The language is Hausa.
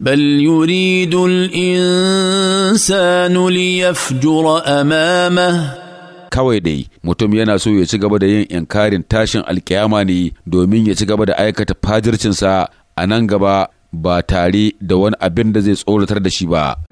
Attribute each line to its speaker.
Speaker 1: بل يريد
Speaker 2: الإنسان ليفجر
Speaker 1: أمامه kawai dai mutum yana so ya ci gaba da yin inkarin tashin alkiyama ne domin ya ci gaba da aikata fajircinsa a nan gaba ba tare
Speaker 3: da wani abin da zai tsoratar da shi ba